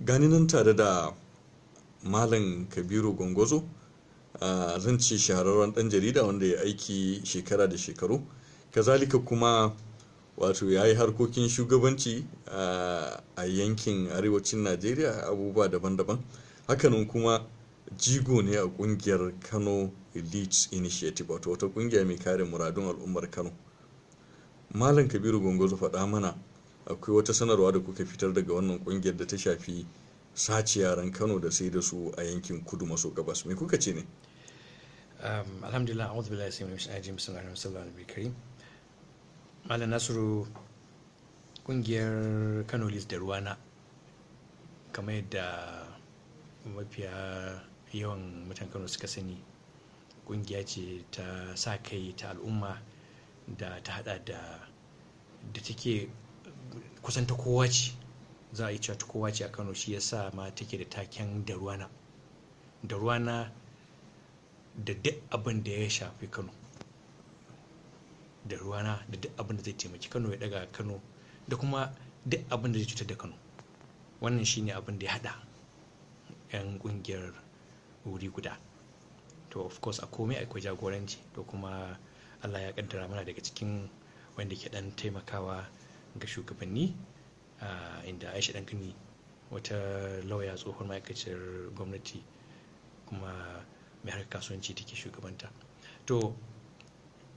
gani nan tare da malam kabiru gongozo zan ci shahararren dan jarida wanda ya aiki shekara da shekaru kazalika kuma wato ya yi harkokin shugabanci a yankin arewacin najeriya abubuwa daban-daban hakanan kuma jigo ne a kungiyar kano elite initiative wato wata kungiya mai kare muradun al'ummar kano malam kabiru gongozo faɗa mana akwai wata sanarwa da kuka fitar daga wannan kungiyar da ta shafi sace yaran kano da sai da su a yankin kudu maso gabas mai kuka ce ne um, alhamdulillah a'udhu billahi sai mun aji musallallahu alaihi wasallam karim malam nasiru kungiyar kano list da ruwana kamar yadda mafiya yawan mutan kano suka sani kungiya ce ta sa kai ta al'umma da ta hada da da take kusan ta kowa ce za a yi cewa kowa ce a kano shi ya sa ma take da taken da ruwana da ruwana da duk abin da ya shafi kano da ruwana da duk abin da zai taimaki kano ya daga kano da kuma duk abin da zai cutar da kano wannan shi ne abin da ya hada yan kungiyar wuri guda to of course a komai akwai jagoranci to kuma allah ya kaddara mana daga cikin wanda ke dan taimakawa ga shugabanni inda aisha dankani wata lauya tsohon ma'aikaciyar gwamnati kuma mai harkar kasuwanci take shugabanta to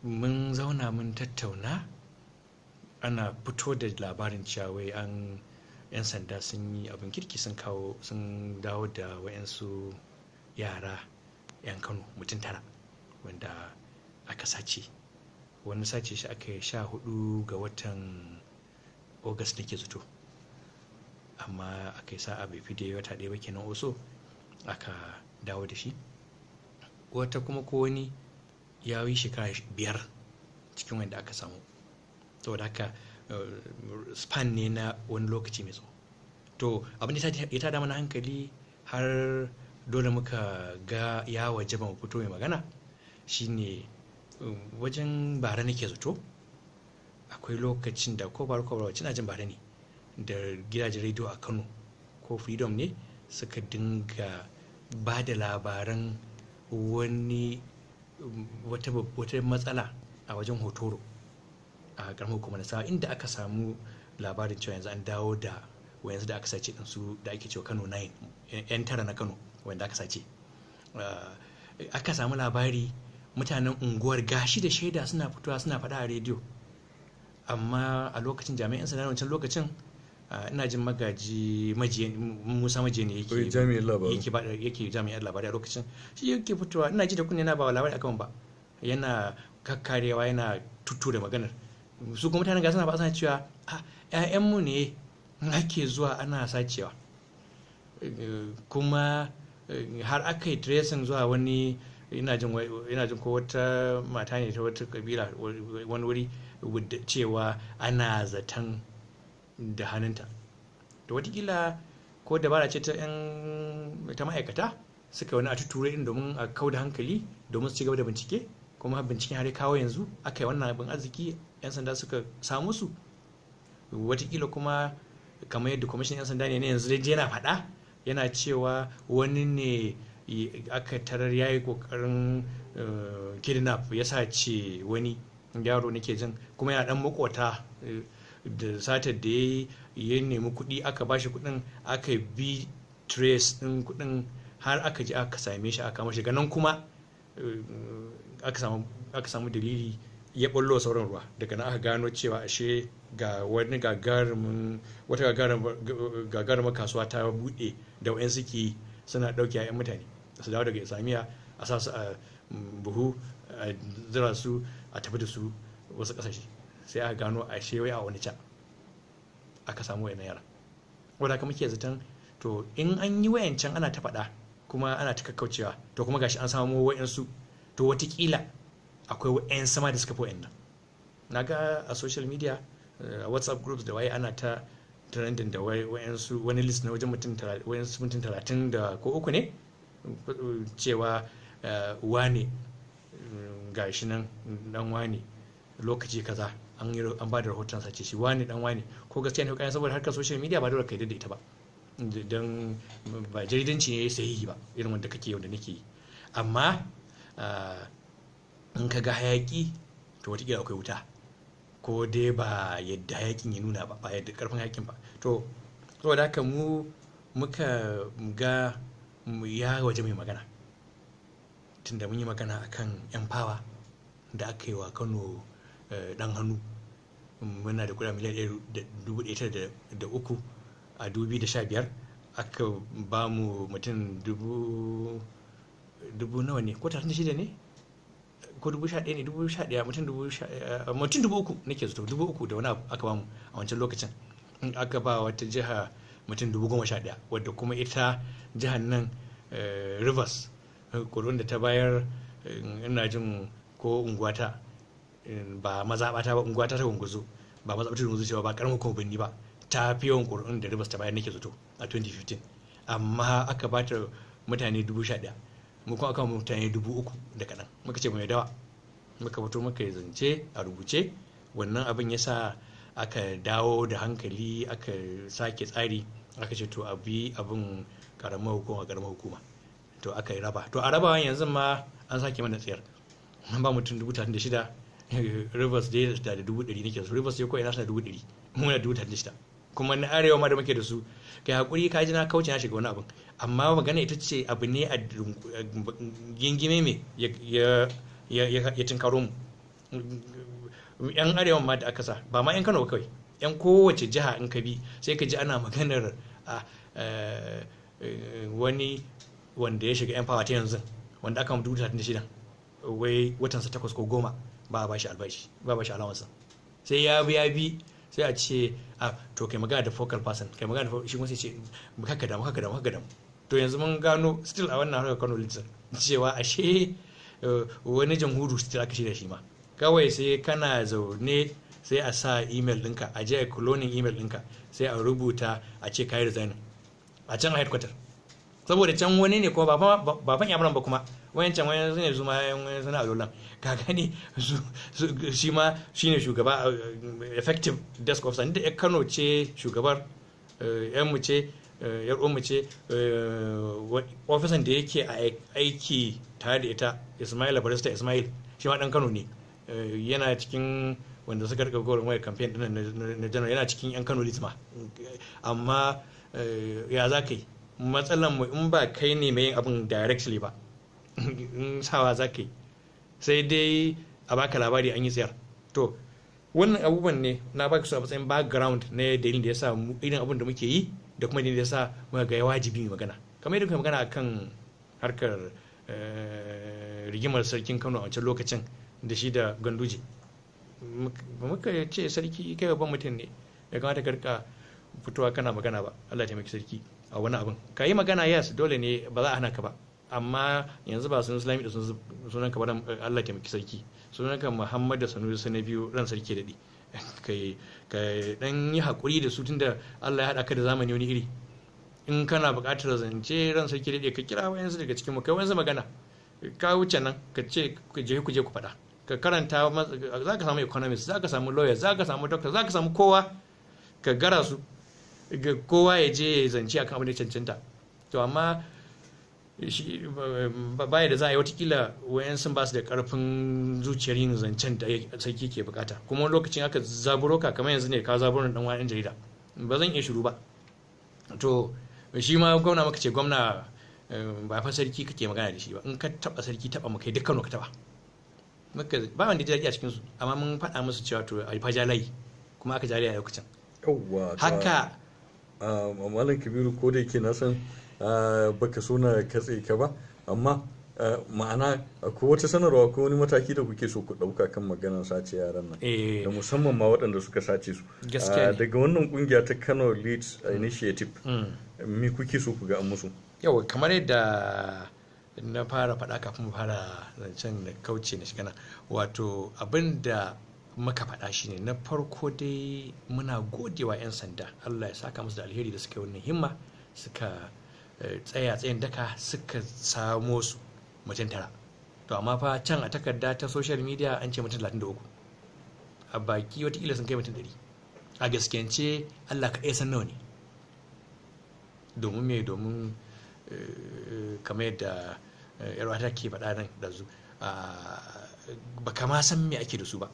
mun zauna mun tattauna ana fito da labarin cewa an 'yan sanda sun yi abin kirki sun kawo sun dawo da wayansu yara 'yan kano mutum tara wanda aka sace wani sace shi aka yi sha hudu ga watan august ke zato amma aka yi sa'a bai fi da wata ɗaya ba kenan oso aka dawo da shi wata kuma ko wani ya yi shekara biyar cikin wanda aka samu saboda haka eh, span ne na wani lokaci mai tsawo to abin da ya tada mana hankali har dole muka ga ya waje ba mu fito mai magana shine eh, wajen bara nake zato akwai lokacin da ko baro ko cin ajin bare ne da gidajen rediyo a kano ko freedom ne suka dinga ba da labaran wani wata matsala a wajen hotoro a ƙarfin hukumar sa inda aka samu labarin cewa yanzu an dawo da wayansu da aka sace din da ake cewa kano 9 yan tara na kano wanda aka sace ah, aka samu labari mutanen unguwar gashi da shaida suna fitowa suna faɗa a rediyo amma a lokacin jami'in sana wancan lokacin ina jin magaji musa maje ne yake jami'ar labari a lokacin shi yake fitowa ina ji da kunne na ba labari akan ba yana kakkarewa yana tuttu da maganar su kuma mutanen gasa na ba sana cewa a 'ya'yanmu ne ake zuwa ana sacewa kuma har aka yi tracing zuwa wani ina jin ko wata mata ne ta wata kabila wani wuri cewa ana zaton da hannunta da watakila ko dabara ce ta yan ta ma'aikata suka wani a tuture domin a kau da hankali domin su ci gaba da bincike kuma binciken har kawo yanzu aka yi wannan abin arziki yan sanda suka samu su watakila kuma kamar yadda kwamishin yan sanda ne yanzu dai yana faɗa yana cewa wani ne aka tarar ya yi ƙoƙarin eh, kidnap ya sace wani yaro nake jin kuma yana dan makota eh, da satar da ya nemi kuɗi aka bashi kuɗin aka bi trace ɗin kuɗin har aka ji aka same shi aka mashi ganin kuma eh, aka samu dalili ya ɓallo sauran ruwa daga nan aka gano cewa ashe ga wani gagarumin kasuwa ta buɗe da wa'yan suke suna ɗauke 'ya'yan mutane su dawo daga islamiyya a sa su a mm, buhu a zira su a tafi da su wasu kasashe sai aka gano a shewaye a wani can aka samu wayan yara wadda kuma muke zaton to in an yi wayancan ana ta faɗa kuma ana ta kakkaucewa to kuma gashi an samu su to watakila akwai wayan sama da suka fi nan na ga a social media eh, a whatsapp groups da waye ana ta trending da wayansu wani list na wajen mutum talatin da ko uku ne cewa eh, wane Ga shi nan dan wani lokaci kaza an yi an bada rahoton sace shi wani dan wani ko gaskiya ne kokarin saboda harkar social media ba dole kai daidaita ba dan ba jaridanci ne sai yi ba irin wanda kake yau da nake yi amma ah, in ka ga hayaki to wata akwai wuta ko dai ba yadda hayakin ya nuna ba ba yadda karfin hayakin ba to saboda haka mu muka ga ya waje mai magana tunda mun yi magana akan empower da aka yi wa kano eh, dan hannu muna da kuɗa miliyan ɗaya da uku a dubi da sha biyar aka ba mu mutum dubu nawa ne ko talatin shida ne ko dubu sha ɗaya ne dubu sha ɗaya mutum dubu eh, uku nake zato dubu uku da wani aka ba mu a wancan lokacin in aka ba wata jiha mutum dubu goma sha ɗaya wadda kuma ita jihar nan eh, rivers kudin da ta bayar eh, ina jin ko unguwata eh, ba mazaɓata ba unguwata ta gunguzo ba mazaɓata gunguzo cewa ba ƙaramin kuma ba ta fi yawan kudin da rivers ta bayar nake zato a 2015 amma aka ba ta mutane dubu sha ɗaya mu kuma aka mutane dubu uku da kaɗan muka ce mai dawa muka fito muka yi zance a rubuce wannan abin ya sa aka dawo da hankali aka sake tsari aka ce to a bi abin karamar hukuma karamar hukuma to aka yi raba to a rabawan yanzu ma an sake mana tsayar an ba mutum dubu talatin da shida rivers dai da dubu ɗari nake su rivers ya koyi nasu da dubu ɗari muna dubu talatin da shida kuma na arewa ma da muke da su kai hakuri ka ji na kauce na shiga wani abin amma magana ita ce abu ne a gingime me ya tunkaro mu yan arewa ma da aka sa ba ma yan kano kawai yan kowace jiha in ka bi sai ka ji ana maganar a ah, eh, eh, wani wanda ya shiga yan fawa ta yanzu wanda aka mutu shida wai watansa takwas ko goma ba a bashi albashi ba a bashi alawansa sai ya bi ya bi sai a ce a ah, to kai magana da focal person kai magana da shi kuma sai ce haka damu haka damu haka damu to yanzu mun gano still a wannan harkar Kano Litinin cewa ashe eh, wani hudu still aka shirya shi ma kawai sai kana zaune sai a sa email dinka a je a cloning email dinka sai a rubuta a ce kai resign a can a headquarter saboda can wani ne kuma baban yamuran ba kuma wani can wani ne zuma wani suna alolan ka gani shi ma shi ne shugaba eh, effective desk officer inda ya kano ce shugabar yan eh, mu ce yar eh, mu ce ofisan da yake aiki tare da ita ismail barista ismail shi ma dan kano ne yana cikin wanda suka rika goron mai campaign din na janar yana cikin yan kano litma amma ya za ka yi matsalan mu in ba kai ne mai yin abin directly ba in sawa za ka yi sai dai a baka labari an yi tsayar to wannan abubuwan ne na baka su a matsayin background na dalilin da ya sa irin abin da muke yi da kuma dalilin da ya sa muka ga wajibi mu magana kamar yadda kuma magana akan harkar eh, rigimar sarkin Kano a wancan lokacin da shi da Ganduje muka ce sarki kai babban mutum ne ya kamata karka fitowa kana magana ba Allah ya taimaki sarki a wani abin ka yi magana yes dole ne ba za a hana ka ba amma yanzu ba sun islami da sunan ka ba eh, Allah ta maki sarki sunan ka Muhammad da Sanusi na biyu ran sarki daɗi kai dan yi hakuri da su tunda Allah ya haɗa ka da zamani wani iri in kana buƙatar zance ran sarki daɗi ka kira wayansu daga cikin mu kai wayansu magana ka wuce nan ka ce ku je ku je ku faɗa ka karanta za ka samu economist za ka samu lawyer za ka samu doctor za ka samu kowa ka gara su kowa ya je ya zance akan abin da cancanta to amma baya da za a yi watakila wayan sun ba su da karfin zuciyar yin zancen da sarki ke bukata kuma wani lokacin aka zaburo ka kamar yanzu ne ka zaburo dan wani jarida ba zan iya shiru ba to shi ma gwamna maka ce gwamna eh, ba fa sarki kake magana da shi ba in ka taba sarki taba maka duk Kano ka taba maka ba wanda ya a cikin su amma mun faɗa musu cewa to a fa jalai kuma aka jalai a lokacin haka Ah, malam kabiru ko da yake na san ah, baka so na katse ka ba amma ah, ma'ana ko wata sanarwa ko wani mataki da kuke so ku ɗauka kan maganar sace yaran nan eh. da musamman ma waɗanda suka sace su daga wannan kungiya ta kano lead mm. initiative mm. me kuke so ku ga an musu yawa kamar yadda na fara faɗa kafin mu fara zancen da kauce na kana wato abin da muka faɗa shi ne na farko dai muna godewa 'yan sanda allah ya saka musu da alheri da suka yi wannan himma suka eh, tsaya tsayin daka suka samo su mutum tara to amma fa can a takarda ta social media an ce mutum 33 a baki watakila sun kai mutum 100 a gaskiyance allah ka san nawa ne domin me domin eh, kamar yadda yarwata eh, ke faɗa nan da zu ah, ba kama san me ake da su ba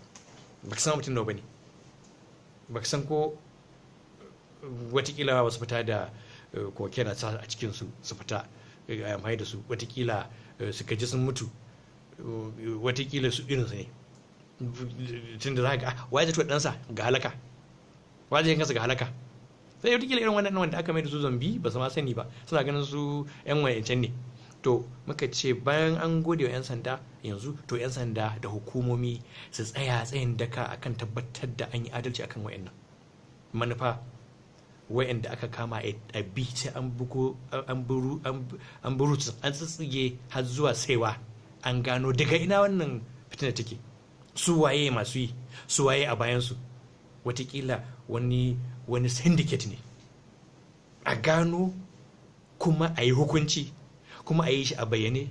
ba san mutum nawa bane ba san ko watakila wasu fita da eh, koke na sa a cikin su su fita eh, a amfani da su watakila eh, su gaji sun mutu watakila su irin su ne tun da za ka ah, wa zai tuwa ɗansa ga halaka wa zai kansa ga halaka sai watakila irin wannan wanda aka mai da su zambi ba su ma sani ba suna ganin su yan wayancan ne to muka ce bayan an gode wa 'yan sanda yanzu to 'yan sanda da hukumomi su tsaya tsayin daka akan tabbatar da an yi adalci akan wayannan manufa wayanda aka kama a bi an an buru an tsitsige har zuwa saiwa an gano daga ina wannan fitina take su waye masu yi su waye a bayansu watakila wani wani syndicate ne a gano kuma a yi hukunci kuma a yi shi a bayyane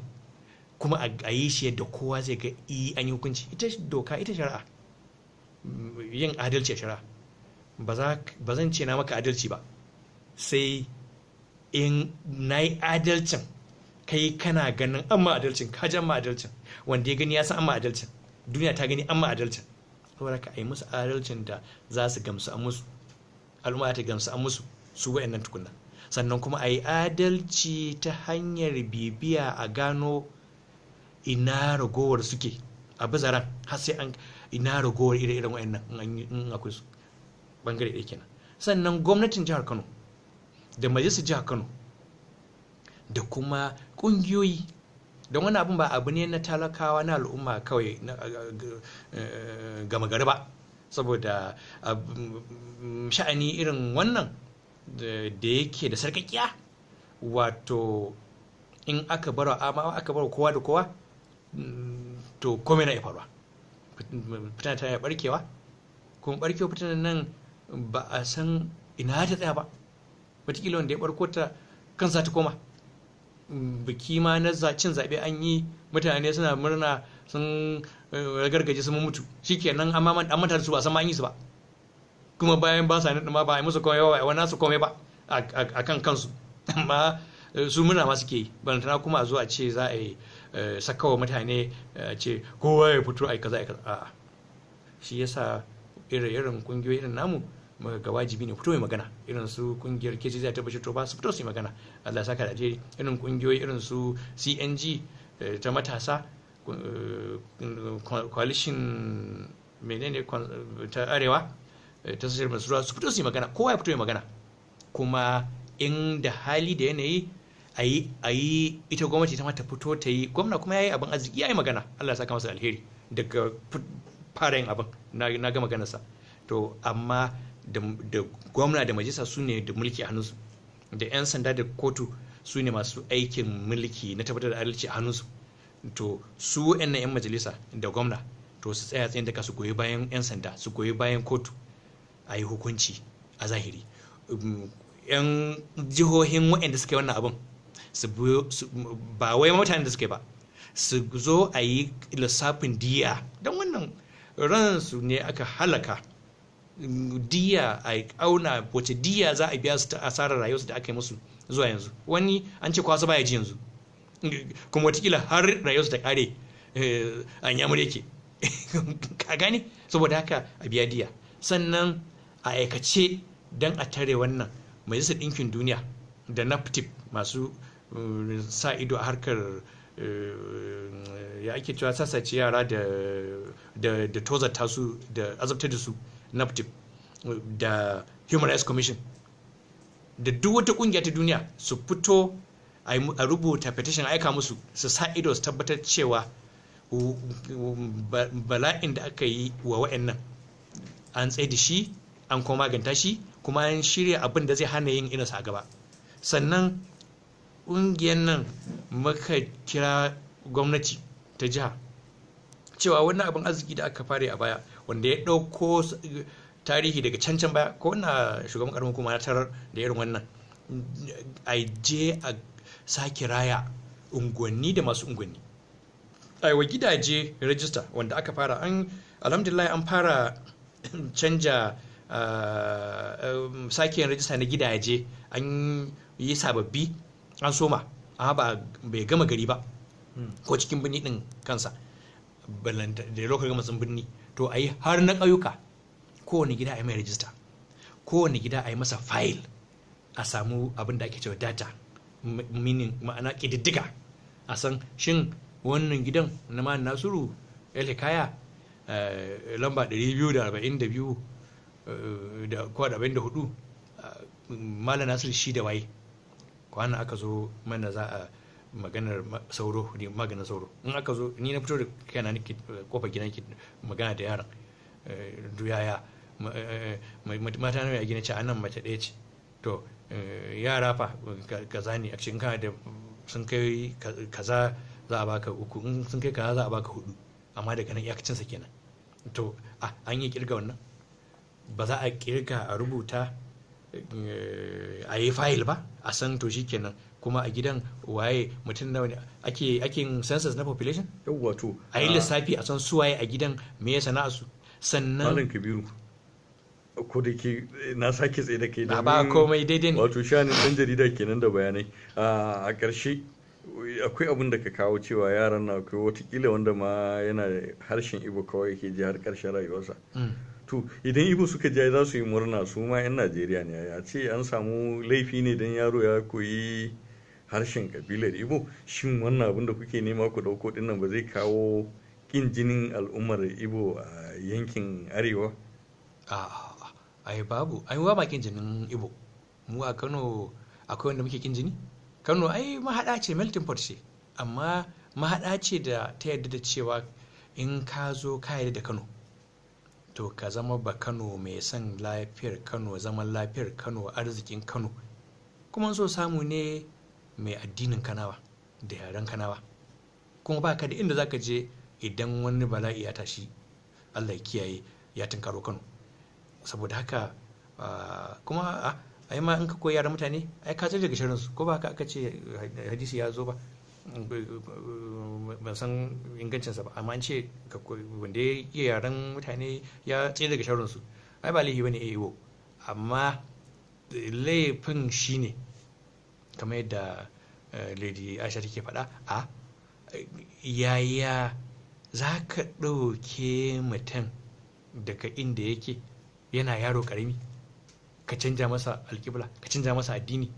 kuma a yi shi yadda kowa zai ga i an yi hukunci ita doka ita shari'a yin adalci a shari'a ba zan ce na maka adalci ba sai in na yi adalcin kai kana ganin an ma adalcin ka an ma adalcin wanda ya gani ya san an ma adalcin duniya ta gani an ma adalcin saboda ka yi musu adalcin da za su gamsu a musu al'umma ta gamsu a musu su wa'annan tukunna sannan kuma a yi adalci ta hanyar bibiya a gano ina ragowar suke a bazaran har sai an ina ragowar ire iren wayannan in akwai su bangare ɗaya kenan sannan gwamnatin jihar kano da majalisar jihar kano da kuma ƙungiyoyi don wani abin ba abu ne na talakawa na al'umma kawai eh, eh, gama gari ba saboda eh, sha'ani irin wannan da yake da sarkakiya wato in aka bar aka bar kowa da kowa mm, to komai na ya faruwa fitina ta ya barkewa kuma barkewa fitinan nan ba a san ina ta tsaya ba wataƙila wanda ya barko ta kansa ta koma biki ma na cin zaɓe an yi mutane suna murna sun eh, ragargaje sun mutu shikenan amma an manta da su ba san ma an yi su ba kuma bayan ba sa nan ba a musu komai ba wani nasu komai ba a kan kansu amma eh, su muna ma suke yi balantana kuma a zo a ce za a yi eh, sakawa mutane eh, a ce kowa ya fito a yi kaza a kaza a'a shi yasa irin kungiyoyi irin namu ga wajibi ne fito mai magana irin su kungiyar keci zai tabbashi to ba su fito su yi magana Allah ya saka da je irin kungiyoyi irin su CNG ta matasa coalition menene ta arewa Eh, ta masu basura su fito su yi magana kowa ya fito yi magana kuma in da hali da yanayi a yi ita gwamnati ta mata fito ta yi gwamna kuma ya yi abin arziki ya yi magana allah ya saka masa alheri daga fara yin abin na ga maganarsa to amma da gwamna da majalisa su ne da mulki a hannunsu da 'yan sanda da kotu su ne masu aikin mulki na tabbatar da adalci a hannunsu to su 'yan 'yan majalisa da gwamna to su tsaya tsayin daga su goyi bayan 'yan sanda su goyi bayan kotu a yi hukunci a zahiri yan jihohin waɗanda suka yi wannan abin ba wai mutane da suka ba su zo a yi lissafin diya don wannan ransu ne aka halaka diya a auna wace diya za a biya su ta asarar rayuwarsu da aka yi musu zuwa yanzu wani an ce kwasa baya ji yanzu kuma watakila har rayuwarsu ta kare eh, an yamur yake ka gane saboda haka a biya diya sannan a aikace don a tare wannan majalisar ɗinkin duniya da naftif masu eh, sa ido a harkar eh, ya ake cewa sasace yara da tozarta su da azabtar da su naftif da human rights commission da duk wata kungiya ta duniya su fito a rubuta petition aika musu su sa ido su tabbatar cewa bala'in da aka yi wa wa'annan an tsaye da shi an kuma maganta shi kuma an shirya abin da zai hana yin irinsa sa gaba sannan ƙungiyar nan muka kira gwamnati ta jiha cewa wannan abin arziki da aka fara a baya wanda ya ɗauko tarihi daga can can baya ko na shugaban ƙaramin kuma na tarar da irin wannan a je a sake raya unguwanni da masu unguwanni a gidaje rajista wanda aka fara an alhamdulillah an fara canja Eh, sake yin rajista na gidaje an yi sababbi an soma amma ba bai gama gari ba hmm. ko cikin birni din kansa da lokacin gama sun birni to a yi har na ƙauyuka kowane gida a yi mai rajista kowane gida a yi masa fayil a samu abin da ake cewa data minin ma'ana ƙididdiga a san shin wannan gidan na ma nasuru el Kaya, eh, lamba 242 Eh, da kowa da da hudu eh, malam nasir shi da waye kwana aka zo mana za a maganar sauro ne maganar sauro in aka zo ni na fito da kaina nake eh, kofar gidan ki magana da yaran duyaya mata nawa ya gina ce anan mace ɗaya ce to yara fa kaza ne a cikin kana da sun kai kaza za a baka uku in sun kai kaza za a baka hudu amma daga nan iyakacinsa kenan to an yi kirga wannan ba za a kirka a rubuta eh, a yi fayil ba a san to kenan kuma a gidan waye mutum da wani ake ake census na population yawwa to a yi lissafi a san su waye a gidan me ya sana su sannan malam kabiru ko da ke na sake tsaye da kai ba komai daidai ne wato shani dan jarida kenan da bayanai a ƙarshe akwai abin da ka kawo cewa yaran na akwai kila wanda ma yana harshen ibo kawai ke ji har karshen rayuwarsa mm. to idan ibo suka je za su yi murna su ma 'yan najeriya ne a ce an samu laifi ne don yaro ya koyi harshen kabilar ibo shin wannan abin da kuke nema ku dauko dinnan ba zai kawo kin jinin al'ummar ibo a yankin arewa ai babu ai wa bakin jinin ibo mu a kano akwai wanda muke kin jini kano ai mahaɗa ce melting pot ce amma mahaɗa ce da ta yarda da cewa in ka zo ka yarda da kano to ka zama ba kano mai son lafiyar kano zaman lafiyar kano arzikin kano kuma so samu ne mai addinin kanawa da yaren kanawa kuma ba ka da inda za ka je idan wani bala'i ya tashi allah ya kiyaye ya tunkaro kano saboda haka kuma a yi ma in ka koyi yaran mutane ai ka daga shirinsu ko ba ka aka ce hadisi ya zo ba ban san ingancinsa ba amma an ce wanda ya iya yaren mutane ya tsaye daga su ai ba laifi bane aiwo e amma laifin shine kamar yadda eh, lady aisha take faɗa a yaya za ka ɗauke mutum daga inda yake yana yaro ƙarami ka canja masa alƙibla ka canja masa addini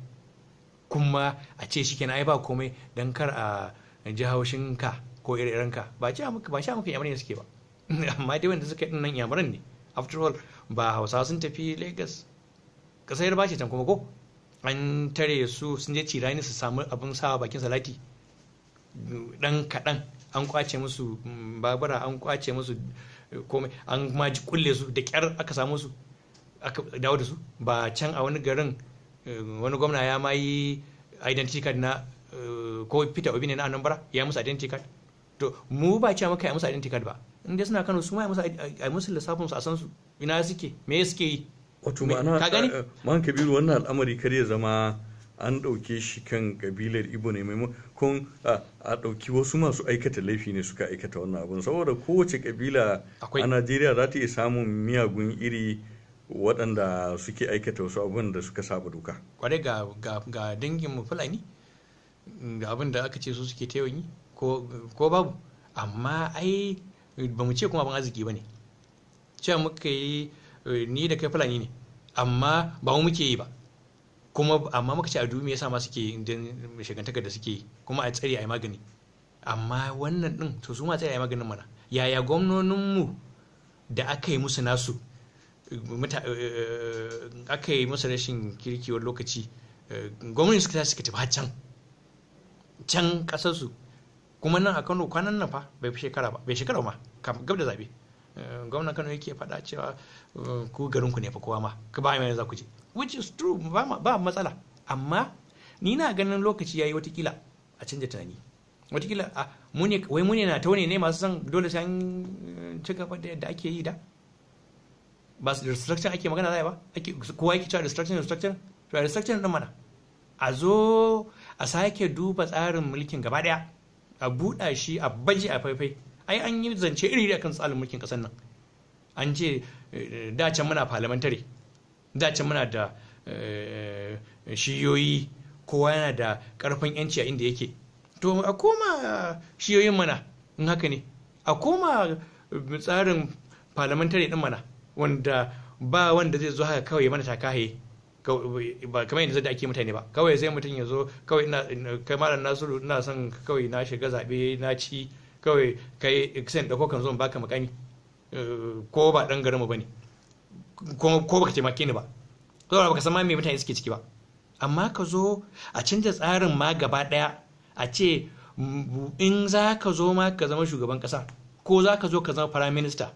kuma a ce shi kenan ai ba komai dan kar a ji haushin ka ko ire ka ba ce muka ba muka yamarin suke ba amma dai wanda suka yi nan yamarin ne after all ba hausa sun tafi lagos kasar ba ce can kuma ko an tare su sun je cirani su samu abin sawa bakin salati dan kaɗan an kwace musu mm, babura an kwace musu eh, komai an ma kulle su da kyar aka samu su aka dawo da su ba can a wani garin Um, wani gwamna ya ma yi identity card na uh, ko peter obi ne na anambra ya musu identity card to mu ba cewa maka ya musu identity card ba in suna kano su ma ya musu a musu lissafin su a san su ina suke me suke yi wato ma'ana ka gani eh, eh, man kabiru wannan al'amari kar ya zama an ɗauke shi kan kabilar ibo ne maimakon a ɗauki wasu masu aikata laifi ne suka aikata wannan abun saboda kowace kabila a najeriya za ta iya samun miyagun iri waɗanda suke aikata wasu abin da suka saba doka kwarai ga ga ga dangin mu fulani ga abin da aka ce su suke ta yi ko ko babu amma ai ba mu ce kuma ban arziki bane cewa muka yi ni da kai fulani ne amma ba mu muke yi ba kuma amma muka ce a dumi yasa ma suke shagantakar da suke yi kuma a tsare a yi magani amma wannan din to su ma tsare a yi maganin mana yaya gwamnoninmu da aka yi musu nasu Eh, eh, aka yi masa rashin kirkiwar lokaci eh, gwamnati suka tashi suka tafi can can kasarsu kuma nan a kano kwanan nan fa bai fi shekara ba bai shekara ma gab da zabe gwamnan kano yake faɗa cewa ku garin ku ne fa kowa ma ka ba mai za ku je which is true ba matsala amma ni na ganin lokaci yayi watakila a canja tunani watakila a ah, wai mu ne na taune ne masu son dole sai an ci gaba da yadda ake yi da ba su restructuring ake magana zai ba kowa yake cewa restructuring restructuring to restructuring din mana a zo a sake duba tsarin mulkin gaba daya a buɗa shi a baje a faifai ai an yi zance iri akan tsarin mulkin ƙasar nan an ce eh, dace muna parliamentary dace muna da eh, shiyoyi kowa yana da ƙarfin yanci a inda yake to a koma shiyoyin mana in haka ne a koma eh, tsarin parliamentary din mana wanda ba wanda zai zo haka kawai ya mana takaye ba kamar yadda da ake mutane ba kawai sai mutum ya zo kawai ina kai malam nasiru ina son kawai na shiga zabe na ci kawai kai sai dauko kan zo baka makami eh, ko ba dan garin mu bane ko ko baka taimake ni ba ko ka san ma me mutane suke ciki ba amma ka zo a canja tsarin ma gaba daya a ce in za ka zo ma ka zama shugaban kasa ko za ka zo ka zama prime minister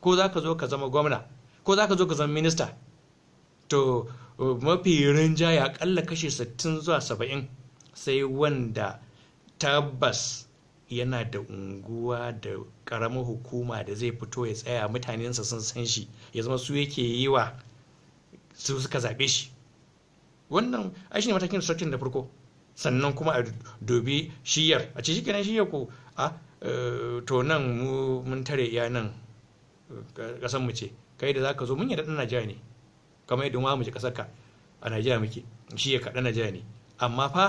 ko za ka zo ka zama gwamna ko za ka zo ka zama minista to uh, mafi rinjaya akalla kashe 60 zuwa 70 sai wanda tabbas yana da unguwa da karamin hukuma da zai fito ya tsaya mutanensa sun san shi ya zama su yake yi wa su suka zaɓe shi wannan ai ne matakin sarkin da farko sannan kuma a dobi shiyar a ce shi shiyar ko a uh, to nan mun tare iya nan kasan mu ce kai da zaka zo mun yadda na Najeriya ne kamar yadda ma mu ji kasar ka a Najeriya muke shi ya kaɗa na ne amma fa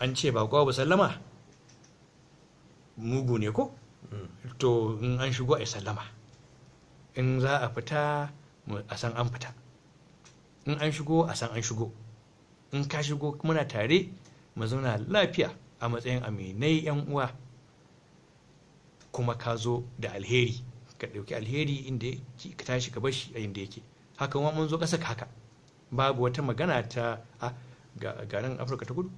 an ce ba kowa ba sallama mugu ne ko mm. to in an shigo a sallama in za a fita a san an fita in an shigo a san an shigo in ka shigo muna tare mu zauna lafiya a matsayin aminai 'yan uwa kuma ka zo da alheri ka ɗauki alheri inda ka tashi ka bashi a inda yake haka kuma mun zo ƙasa haka babu wata magana ta a garin afirka ta kudu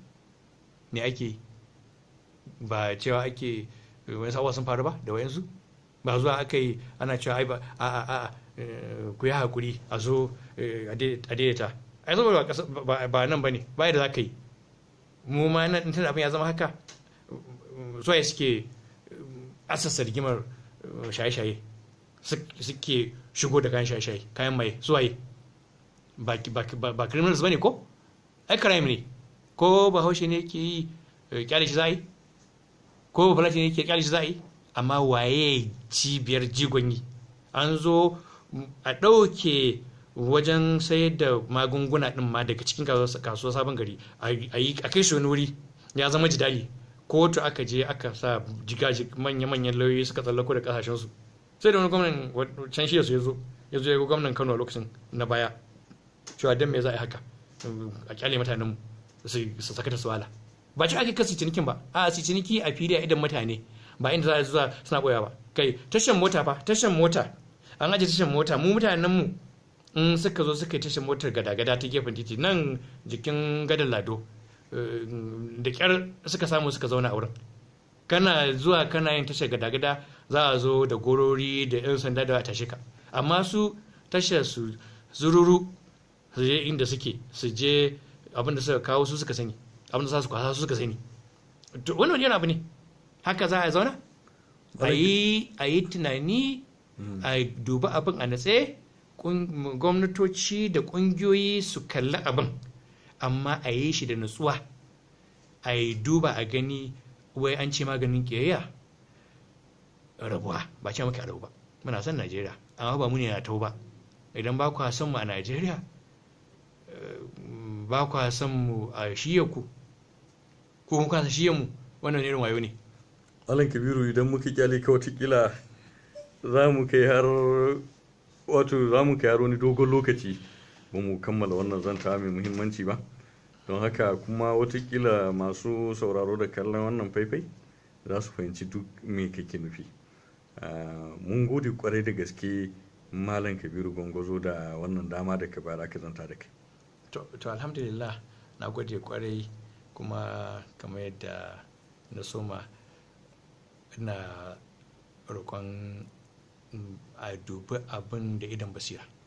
ne ake ba cewa ake wani sabuwa sun faru ba da wayansu ba zuwa aka yi ana cewa ai ba a a a eh, ku yi hakuri a zo eh, a daidaita ai saboda ba nan ba ne ba da za ka yi mu ma nan tana abin ya zama haka zuwa suke asasa rigimar uh, shaye-shaye suke shigo da kayan shaye-shaye kayan mai suwaye ba criminals ba ne ko ai crime ne ko ba haushe ne ke yi uh, kyale shi za'i ko ba ne ke kyale shi za'i amma waye cibiyar jigon yi an zo mm, a ɗauke wajen sayar da magunguna ɗin ma daga cikin kasuwa sabon gari a kai shi wani wuri ya zama jidali kotu aka je aka sa jigaji manya-manyan lauyoyi suka tsallako da kasashen su sai da wani gwamnan can shi ya zo ya ga gwamnan Kano a lokacin na baya cewa dan me za a yi haka a kyale mutanen mu su sakata su suwala ba ci ake kasu cinikin ba a su ciniki a fili a idan mutane ba inda za a zuwa suna koya ba kai tashan mota fa tashan mota an aje tashan mota mu mutanen mu in suka zo suka yi tashan motar gada-gada ta gefen titi nan jikin gadon lado Eh, da kyar suka samu suka zauna a wurin kana zuwa kana yin tashar gada-gada za a zo da gorori da 'yan sanda da tashe ka amma su tashar su zururu su je inda suke su je abinda suka kawo su suka sani abinda za su kwasa su suka sani to wannan yana abu ne haka za a zauna a yi tunani mm. a duba abin a natse gwamnatoci da ƙungiyoyi su kalli abin amma a yi shi da nutsuwa a yi duba a gani wai an ce maganin ƙiyayya rabuwa ba ce muke rabu ba muna son najeriya amma ba mu ne na tau ba idan ba kwa son mu a najeriya ba kwa son mu a shiya ku ko kuma kwasa shiya mu wannan irin wayo ne alan kabiru idan muka kyale ka watakila za mu kai har wato za mu kai har wani dogon lokaci ba mu kammala wannan zanta mai muhimmanci ba don haka kuma watakila masu sauraro da kallon wannan faifai za su fahimci duk mai kake nufi ah, mun gode kwarai da gaske malam kabiru gwangwazo da wannan dama da ka bayar aka zanta da kai to alhamdulillah na gode kwarai kuma kamar yadda na soma ina roƙon mm, a dubi abin da idan basira